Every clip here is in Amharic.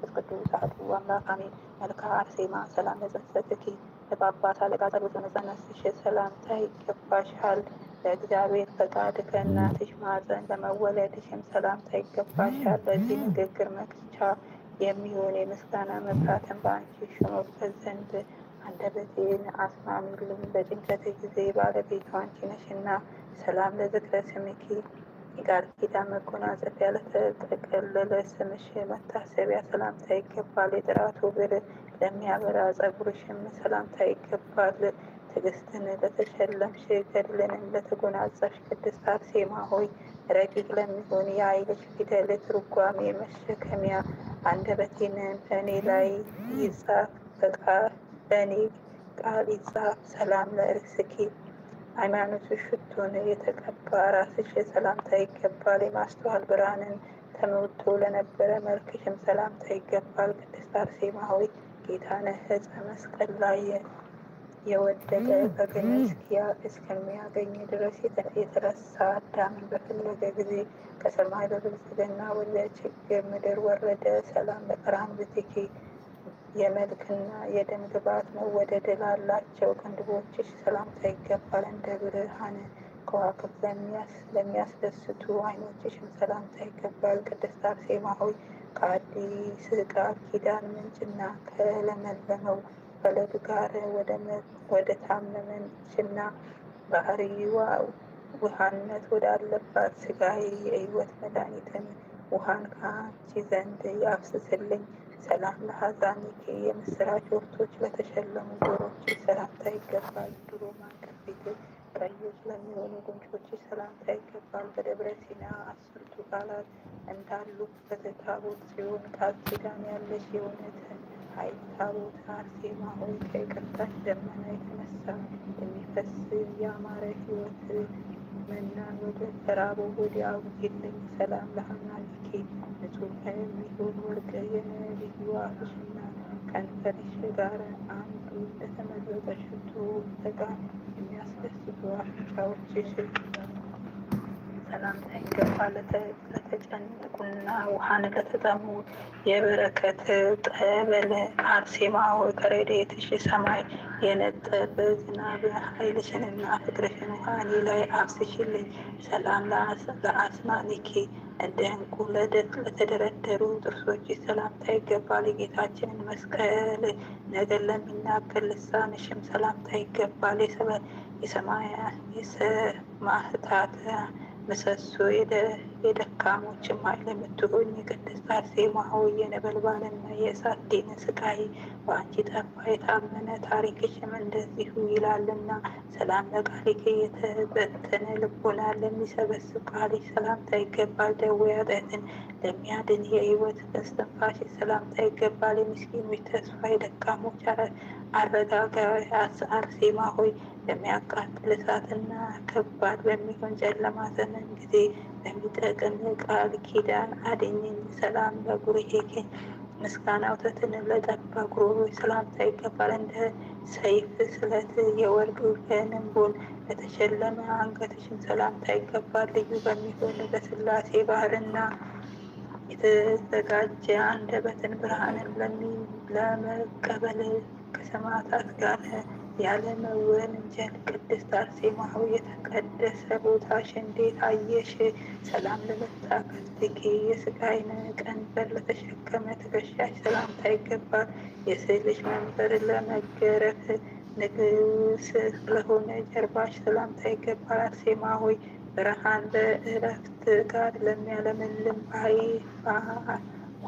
መንፈስ ቅዱስ አሐዱ አምላክ አሜን። መልክዐ አርሴማ ሰላም ለጽንሰትኪ ለጳጳስ አለቃ ጸሎተ ነጻነትሽ ሰላምታ ይገባሻል። ለእግዚአብሔር ፈቃድ ከእናትሽ ማኅፀን ለመወለድሽም ሰላምታ ይገባሻል። በዚህ ንግግር መክቻ የሚሆን የምስጋና መብራትን በአንቺ ሽኖበት ዘንድ አንደበቴን አስማሚልኝ። በጭንቀት ጊዜ ባለቤቷ አንቺ ነሽና። ሰላም ለዝክረ ስምኪ የቃል ኪዳን መጎናጸፊያ ለተጠቀለለ ስምሽ መታሰቢያ ሰላምታ ይገባል። የጥራቱ ብር ለሚያበራ ጸጉርሽም ሰላምታ ይገባል። ትዕግስትን ለተሸለምሽ ገድልንም ለተጎናጸፍሽ ቅድስት አርሴማ ሆይ ረቂቅ ለሚሆን የኃይልሽ ፊደል ትርጓሜ መሸከሚያ አንደበቴን በእኔ ላይ ይጻፍ በቃ በእኔ ቃል ይጻፍ ሰላም ለእርስኪ ሃይማኖትሽ ሽቶን የተቀባ ራስሽ ሰላምታ ይገባል። የማስተዋል ብርሃንን ተመውቶ ለነበረ መልክሽም ሰላምታ ይገባል። ቅድስት አርሴማ ሆይ ጌታነህ ዕፀ መስቀል ላይ የወደቀ በገና እስኪያ እስከሚያገኝ ድረስ የተረሳ አዳምን በፈለገ ጊዜ ከሰማይ በብልጽግና ወደ ችግር ምድር ወረደ። ሰላም ለቀርሃም ብትኪ የመልክና የደም ግባት መወደድ ላላቸው ቅንድቦችሽ ሰላምታ ይገባል። እንደ ብርሃን ከዋክብ ለሚያስደስቱ አይኖችሽ ሰላምታ ይገባል። ቅድስት አርሴማ ሆይ ከአዲስ ቃል ኪዳን ምንጭና ከለመለመው ፈለግ ጋር ወደ ታመመችና ባህሪዋ ውሃነት ወዳለባት ስጋዬ የሕይወት መድኃኒትን ውሃን ከአንቺ ዘንድ ያፍስስልኝ ሰላም ለሀዛኒኬ የምስራች ወቅቶች ለተሸለሙ ጆሮች ሰላምታ ይገባል። ድሮ ማንቀፍ ቤቶች ቀዮች ለሚሆኑ ጉንጮች ሰላምታ ይገባል። በደብረ ሲና አስርቱ ቃላት እንዳሉ በተታቦት ሲሆን ቃል ኪዳን ያለሽ የእውነትን ኃይል ታቦት አርሴማ ሆይ ከይቅርታሽ ደመና የተነሳ የሚፈስ የአማረ ህይወት መናን ወደ ተራቦ ወዲያ ውሄልኝ ሰላም ለሀናኒኬ ንጹሕ የሚሆን ወርቅ አላህ ከንፈርሽ ጋር አንዱ የተመረጠ ሽቱ ዕቃ የሚያስደስቱ አፍንጫዎችሽን ሰላምታ ይገባ። ለተጨነቁና ውሃን ለተጠሙ የበረከት ጠበለ አርሴማ ሆይ ከረድኤትሽ ሰማይ የነጠበ ዝናብ ኃይልሽንና ፍቅርሽን ውሃኔ ላይ አፍስሽልኝ። ሰላም ለአስማኒኪ እንደ ዕንቁ ለተደረደሩ ጥርሶች ሰላምታ ይገባል። የጌታችንን መስቀል ነገር ለሚናገር ልሳንሽም ሰላምታ ይገባል። የሰማዕታት ምሰሶ የደካሞችም ኃይል የምትሆኝ የቅድስት አርሴማ ሆይ የነበልባልና የእሳት ዲን ስቃይ በአንቺ ጠፋ። የታመነ ታሪክሽም እንደዚሁ ይላልና ሰላም ለቃልኪ የተበተነ ልቦና ለሚሰበስብ ቃልሽ ሰላምታ ይገባል። ደዌ ኃጢአትን ለሚያድን የህይወት እስትንፋሽ ሰላምታ ይገባል። የምስኪኖች ተስፋ የደካሞች አረጋጋ አርሴማ ሆይ በሚያቃጥል እሳትና ከባድ በሚሆን ጨለማ ዘመን ጊዜ በሚጠቅም ቃል ኪዳን አድኝን። ሰላም ለጉርሄኬ ምስጋና ውተትን ለጠባ ጉሮሮ ሰላምታ ይገባል። እንደ ሰይፍ ስለት የወርቅ ከንንቡን ለተሸለመ አንገትሽን ሰላምታ ይገባል። ልዩ በሚሆን ለስላሴ ባህርና የተዘጋጀ አንደበትን ብርሃንን ለመቀበል ከሰማዕታት ጋር ያለመወንጀል ቅድስት አርሴማ ሆይ የተቀደሰ ቦታሽ እንዴት አየሽ? ሰላም ለበታ ትኬ የስጋይን ቀንበር ለተሸከመ ትከሻሽ ሰላምታ ይገባል። የስዕልሽ መንበር ለመገረፍ ንግስ ለሆነ ጀርባሽ ሰላምታ ይገባል። አርሴማ ሆይ ብርሃን በእረፍት ጋር ለሚያለምልም ባይ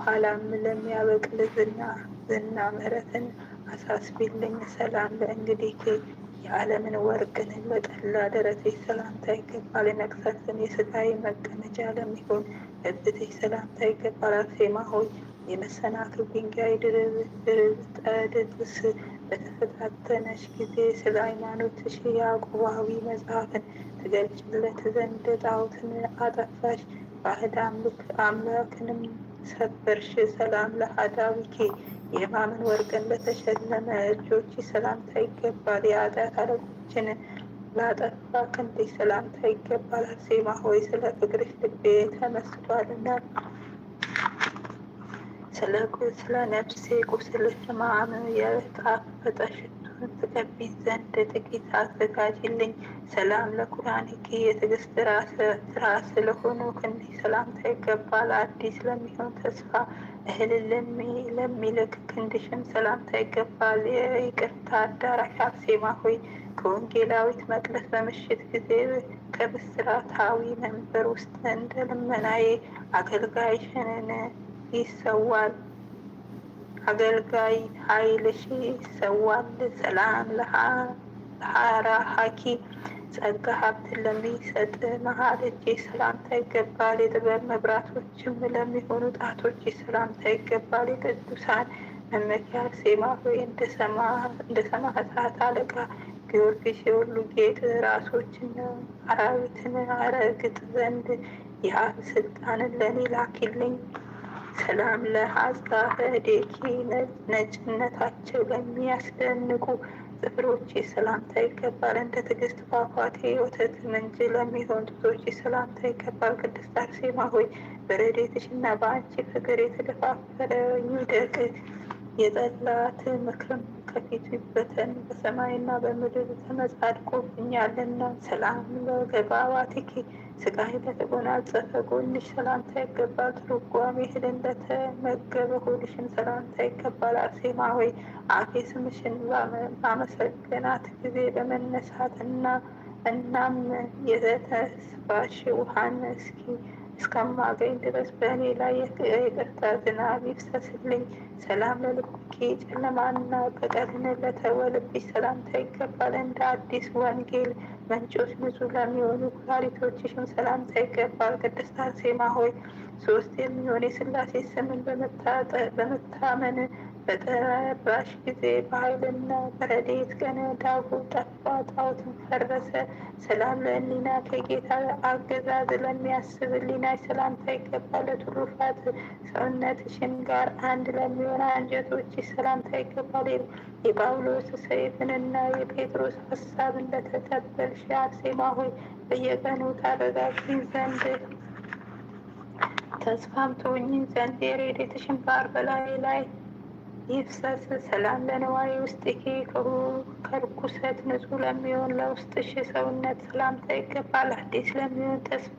ኋላም ለሚያበቅል ዝና ዝና ምህረትን አሳስቢልኝ ሰላም በእንግዲህ ኬክ የዓለምን ወርቅን በጠላ ደረቴ ሰላምታ ይገባል። የመቅሰፍትን የስጋዬ መቀመጫ ለሚሆን እብትህ ሰላምታ ይገባል። አርሴማ ሆይ የመሰናክል ድንጋይ ድርብ ጠድብስ በተፈታተነች ጊዜ ስለ ሃይማኖትሽ ያዕቆባዊ መጽሐፍን ትገልጭለት ዘንድ ጣዖትን አጠፋሽ፣ ባዕድ አምላክንም ሰበርሽ። ሰላም ለአሕዳዊኪ የማምን ወርቅን በተሸለመ እጆች ሰላምታ ይገባል። የኃጢአት አለቆችን ላጠፋ ክንዴ ሰላምታ ይገባል። አርሴማ ሆይ ስለ ፍቅርሽ ልቤ ተመስሏልና ስለ ስለ ነፍሴ ቁስልሽ ማም የጣፈጠ ሽቱን ትቀቢኝ ዘንድ ጥቂት አዘጋጅልኝ። ሰላም ለኩራኒኪ የትዕግስት ራስ ስለሆኑ ክንዲ ሰላምታ ይገባል። አዲስ ለሚሆን ተስፋ እህልን ለሚልክ ክንድሽም ሰላምታ ይገባል። የይቅርታ አዳራሽ አርሴማ ሆይ ከወንጌላዊት መቅደስ በምሽት ጊዜ ከብስራታዊ መንበር ውስጥ እንደ ልመናዬ አገልጋይሽንን ይሰዋል አገልጋይ ኃይልሽ ይሰዋል። ሰላም ለሃራ ሀኪ ጸጋ ሀብትን ለሚሰጥ መሀል እጅ ሰላምታ ይገባል። የጥበብ መብራቶችም ለሚሆኑ ጣቶች ሰላምታ ይገባል። የቅዱሳን መመኪያ ሴማ ሆይ እንደ ሰማዕታት አለቃ ጊዮርጊስ የሁሉ ጌጥ ራሶችን አራዊትን አረግጥ ዘንድ የሀብ ስልጣንን ለኔ ላኪልኝ። ሰላም ለሀዛ ደኪ ነጭነታቸው ለሚያስደንቁ ጥፍሮቼ ሰላምታ ይገባል እንደ ትዕግስት ፏፏቴ ወተት ምንጭ ለሚሆን ጡቶቼ ሰላምታ ይገባል። ቅድስት አርሴማ ሆይ በረዴትሽ እና በአንቺ ፍቅር የተደፋፈረ ይውደቅ የጠላት ምክርም ከፊቱ ይበተን። በሰማይና በምድር ተመጻድቆብኛልና ሰላም ለገባዋቲኪ ስቃይ በተጎናጸፈ ጎንሽ ሰላምታ ይገባል። ትርጓሜ እህል እንደተመገበ ሆድሽን ሰላምታ ይገባል። አርሴማ ሆይ አፌ ስምሽን ባመሰገናት ጊዜ በመነሳት እና እናም የተስፋሽ ውሃን እስኪ እስከማገኝ ድረስ በእኔ ላይ የቅርታ ዝናብ ይፍሰስልኝ። ሰላም ለልኩኪ ጨለማና በቀልን ለተወልብሽ ሰላምታ ይገባል። እንደ አዲስ ወንጌል ምንጮች ንጹህ ለሚሆኑ ኩላሊቶችሽም ሰላምታ ይገባል። ቅድስት አርሴማ ሆይ ሶስት የሚሆን የስላሴ ስምን በመታመን በጠባሽ ጊዜ በኃይልና በረዴት ቀን ዳጉ ጠፋ፣ ጣዖትን ፈረሰ። ሰላም ለሕሊና ከጌታ አገዛዝ ለሚያስብ ሕሊናሽ ሰላምታ ይገባል። ለትሩፋት ሰውነትሽን ጋር አንድ ለሚሆን ሰላም ሰላምታ ይገባል። የጳውሎስ ሰይፍንና የጴጥሮስ ሀሳብ እንደተቀበልሽ አርሴማ ሆይ በየቀኑ ታረጋግኝ ዘንድ ተስፋም ትሆኝ ዘንድ የረድኤትሽን ባር በላይ ላይ ይፍሰስ ሰላም ለነዋይ ውስጥኪ ከርኩሰት ንጹህ ለሚሆን ለውስጥሽ ሰውነት ሰላምታ ይገባል። አዲስ ለሚሆን ተስፋ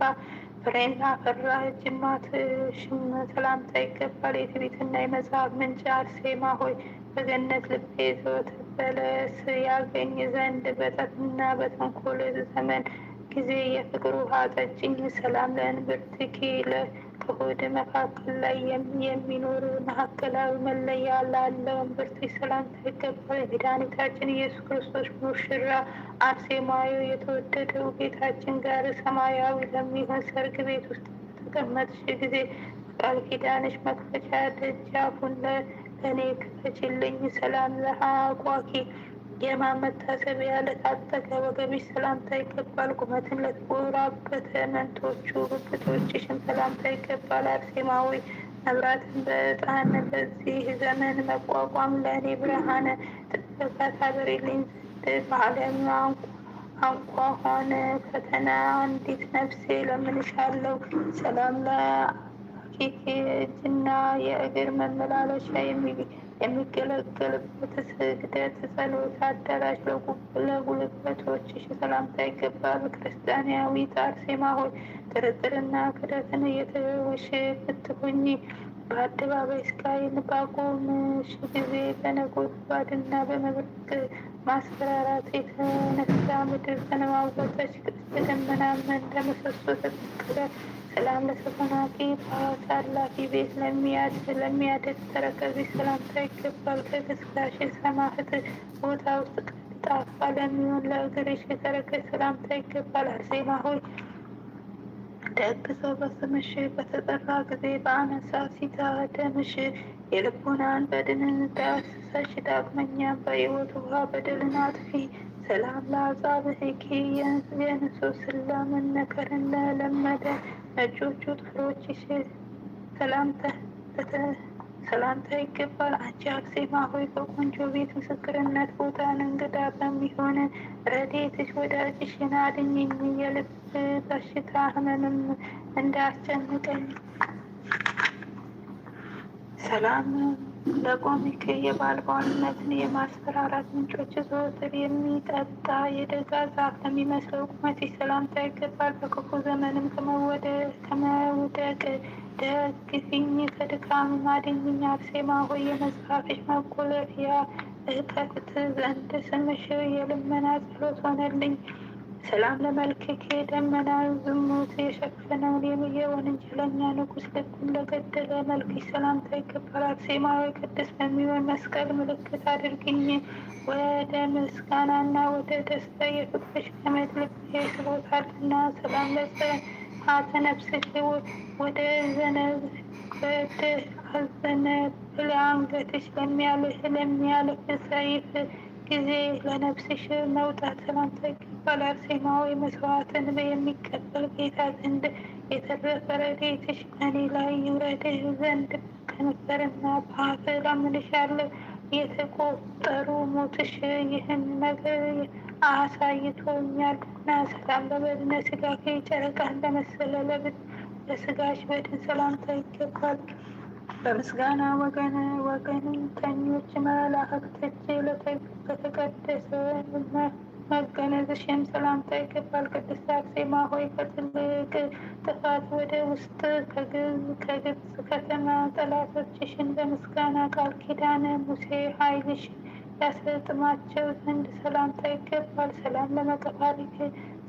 ፈራ አፈራ ጅማትሽም ሰላምታ ይገባል። የትዕቢትና የመጽሐፍ ምንጭ አርሴማ ሆይ በገነት ልቤ ዘወትር በለስ ያገኝ ዘንድ በጠትና በተንኮል ዘመን ጊዜ የፍቅር ውሃ ጠጭኝ፣ ሰላም ለእንብርትኪ ከሆድ መካከል ላይ የሚኖር መካከላዊ መለያ ላለው እምብርት ሰላምታ ይገባል። የመድኃኒታችን ኢየሱስ ክርስቶስ ሙሽራ አርሴማዊ የተወደደው ጌታችን ጋር ሰማያዊ ለሚሆን ሰርግ ቤት ውስጥ ተቀመጥሽ ጊዜ ቃል ኪዳንሽ መክፈቻ ደጃፉን ለእኔ ክፈችልኝ። ሰላም ለሃ ጓኪ የማመታሰቢያ ለታጠቀ ወገብሽ ሰላምታ ይገባል። ቁመትን ለተጎራበተ መንቶቹ ብብቶችሽን ሰላምታ ይገባል። አርሴማዊ መብራትን በጣን በዚህ ዘመን መቋቋም ለእኔ ብርሃነ ጥበቃ ታበሬልኝ ዘንድ በዓለም አንኳ ሆነ ፈተና አንዲት ነፍሴ ለምንሻለው ሰላም ለአኪቴ እጅና የእግር መመላለሻ የሚል የሚገለገልበት ስግደት፣ ጸሎት አዳራሽ ለጉልበቶችሽ ሰላምታ ይገባል። ክርስቲያናዊት አርሴማ ሆይ ጥርጥርና ክደትን እየተወሽ ብትሆኚ በአደባባይ ስካይን ባቆምሽ ጊዜ በነጎድጓድና በመብረቅ ማስፈራራት የተነሳ ምድር ተነዋወጠች። ደመናም እንደ ምሰሶ ተጠቅለ ሰላም ለተፈናቂ ታዋቂ ቤት ለሚያድ ለሚያደግ ተረከቢ ሰላምታ ይገባል። ከግስጋሽ ሰማህት ቦታ ውስጥ ቀልጣፋ ለሚሆን ለእግርሽ የተረከሽ ሰላምታ ይገባል። አርሴማ ሆይ ደግ ሰው በስምሽ በተጠራ ጊዜ በአነሳ ሲታደምሽ የልቡናን በድንን ዳስሰሽ ዳግመኛ በሕይወት ውሃ በደልን አጥፊ ሰላም ለአጻብዕኪ የእንሶ ስለምን ነገርን ለለመደ እጆቹ ጥፍሮችሽ ሰላምታ ይገባል። አንቺ አክሴማ ሆይ በቆንጆ ቤት ምስክርነት ቦታን እንግዳ በሚሆን ረዴትሽ ወዳጅሽን አድኝኝ የልብ በሽታ ህመምም እንዳያስጨንቀኝ ሰላም ለኮሚክ የባል ባልነትን የማስፈራራት ምንጮች ዘወትር የሚጠጣ የደጋ ዛፍ ለሚመስለው ቁመት ሰላምታ ይገባል። በክፉ ዘመንም ከመውደቅ ደግፊኝ ከድካም ማድኝኛ አርሴማ ሆይ የመጽሐፍሽ መቆለፊያ እጠቅት ዘንድ ስምሽ የልመና ጸሎት ሆነልኝ። ሰላም ለመልክክ ደመና ዝሙት የሸፈነውን እንጀለኛ ንጉሥ ልብን ለገደለ መልክሽ ሰላምታ ይገባል። ሴማዊ ቅድስት በሚሆን መስቀል ምልክት አድርግኝ። ወደ ምስጋናና ወደ ደስታ የፍቅርሽ ገመድ ይስቦታል እና ሰላም ለጸአተ ነፍስክ ወደ ዘነበት አዘነ አዘነብል አንገትሽ ለሚያልፍ ለሚያልፍ ሰይፍ ጊዜ ለነፍስሽ መውጣት ሰላምታ ሴማዊ መስዋዕትን የሚቀበል ጌታ ዘንድ የተረፈ ቤትሽ በእኔ ላይ ይውረድህ ዘንድ ከንፈርና በአፍ እለምንሻለሁ። የተቆጠሩ ሞትሽ ይህን ነገር ና ሰላም በበድነ ስጋፊ ጨረቃን ለመሰለ ለብት ለስጋሽ በድን ሰላምታ ይገባል። በምስጋና ወገን ወገን ተኞች መላእክትሽ ለተቀደሰ መገነዝሽም ሰላምታ ይገባል። ቅድስት አርሴማ ሆይ ከትልቅ ጥፋት ወደ ውስጥ ከግብፅ ከተማ ጠላቶችሽን በምስጋና ቃል ኪዳነ ሙሴ ኃይልሽ ያሰጥማቸው ዘንድ ሰላምታ ይገባል። ሰላም ለመቀባሪት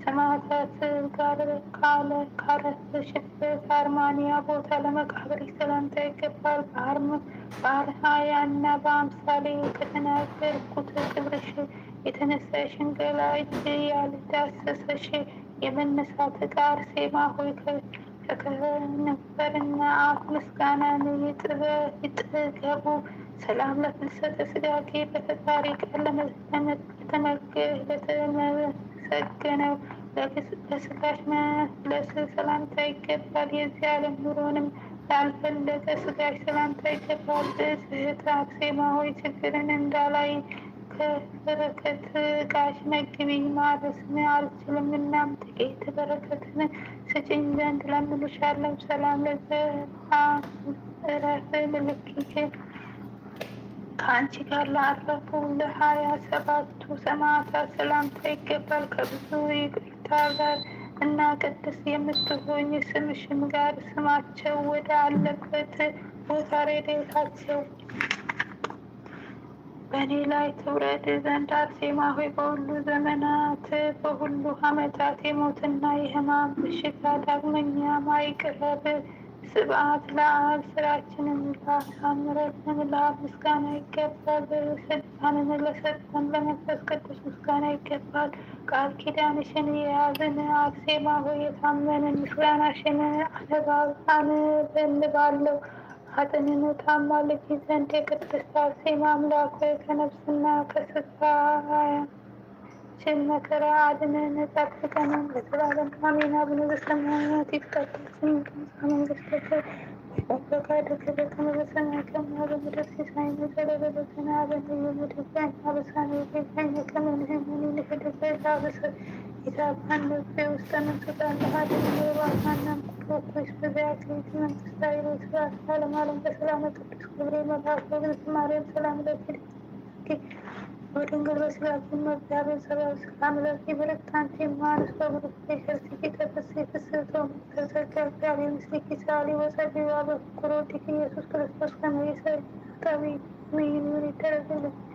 ሰማዕታት ጋር ካለ ካረፍሽበት አርማንያ ቦታ ለመቃብር ሰላምታ ይገባል። በአርሃያና በአምሳሌ ከተናገርኩት ክብርሽ የተነሳሽን ገላ እጅ ያልዳሰሰሽ የመነሳት እቃ ሴማ ሆይ ከከንፈርና አፍ ምስጋና ይጥገቡ። ሰላም ለፍልሰተ ስጋጌ በፈጣሪ ቃል ለተመሰገነው ለስጋሽ መለስ ሰላምታ ይገባል። የዚህ ዓለም ኑሮንም ላልፈለገ ስጋሽ ሰላምታ ይገባል። ብጽዕት አርሴማ ሆይ ችግርን እንዳላይ በረከት ጋሽ መግቢኝ ማለስን አልችልም። እናም ጥቂት በረከትን ስጭኝ ዘንድ ለምንሻለው። ሰላም ለዘረፍ ምልክት ከአንቺ ጋር ላረፉ ለሀያ ሰባቱ ሰማዕታት ሰላምታ ይገባል። ከብዙ ይቅርታ ጋር እና ቅድስ የምትሆኝ ስምሽም ጋር ስማቸው ወደ አለበት ቦታ ሬዴታቸው በእኔ ላይ ትውረድ ዘንድ አርሴማ ሆይ በሁሉ ዘመናት በሁሉ ዓመታት የሞትና የሕማም ብሽታ ዳግመኛ ማይቅረብ ስብአት ለአብ ስራችንን ለአምረትን ለአብ ምስጋና ይገባል። ስልጣንን ለሰጠን ለመንፈስ ቅዱስ ምስጋና ይገባል። ቃል ኪዳንሽን የያዝን አርሴማ ሆይ የታመንን ምስጋናሽን አነባብ አንብን ባለው ኃጥእንኑ ተአማሉ ፊት ዘንድ የቅድስ አርሴማ አምላክ ሆይ ከነፍስና ከስጋ ሽን መከራ አድነን፣ ነጻ አድርገን ለዘላለም አሜን። አቡነ ዘበሰማያት ይትቀደስ ስምከ መንግሥትከ ወፈቃድከ በከመ በሰማይ ከማሁ በምድር ሲሳየነ ዘለለዕለትነ ሀበነ ዮም ወኅድግ አበሳነ ወጌጋየነ ከመ ንሕነኒ ንኅድግ አበሰ ኢታብአነ ፍሬ ውስጠ ነፍስከ አሐድነ ወባሕታነ وفقنا شبابات وانتمان تسرائيل وإسرائيل عالم عالم بسلامة وتشكر بريم وضعف وابن سماريم سلام لكي बोलिंगर वसलाकुन मध्यावे सवा सलाम लड़की भरत थांची मान सब रुपये शर्ती की तरफ से किसर तो मुक्तर सर कर प्यारे मसीह की साली वो सब विवाह करो ठीक है यीशु क्रिस्टस का मेरी सर तभी मैं यूनिवर्सिटी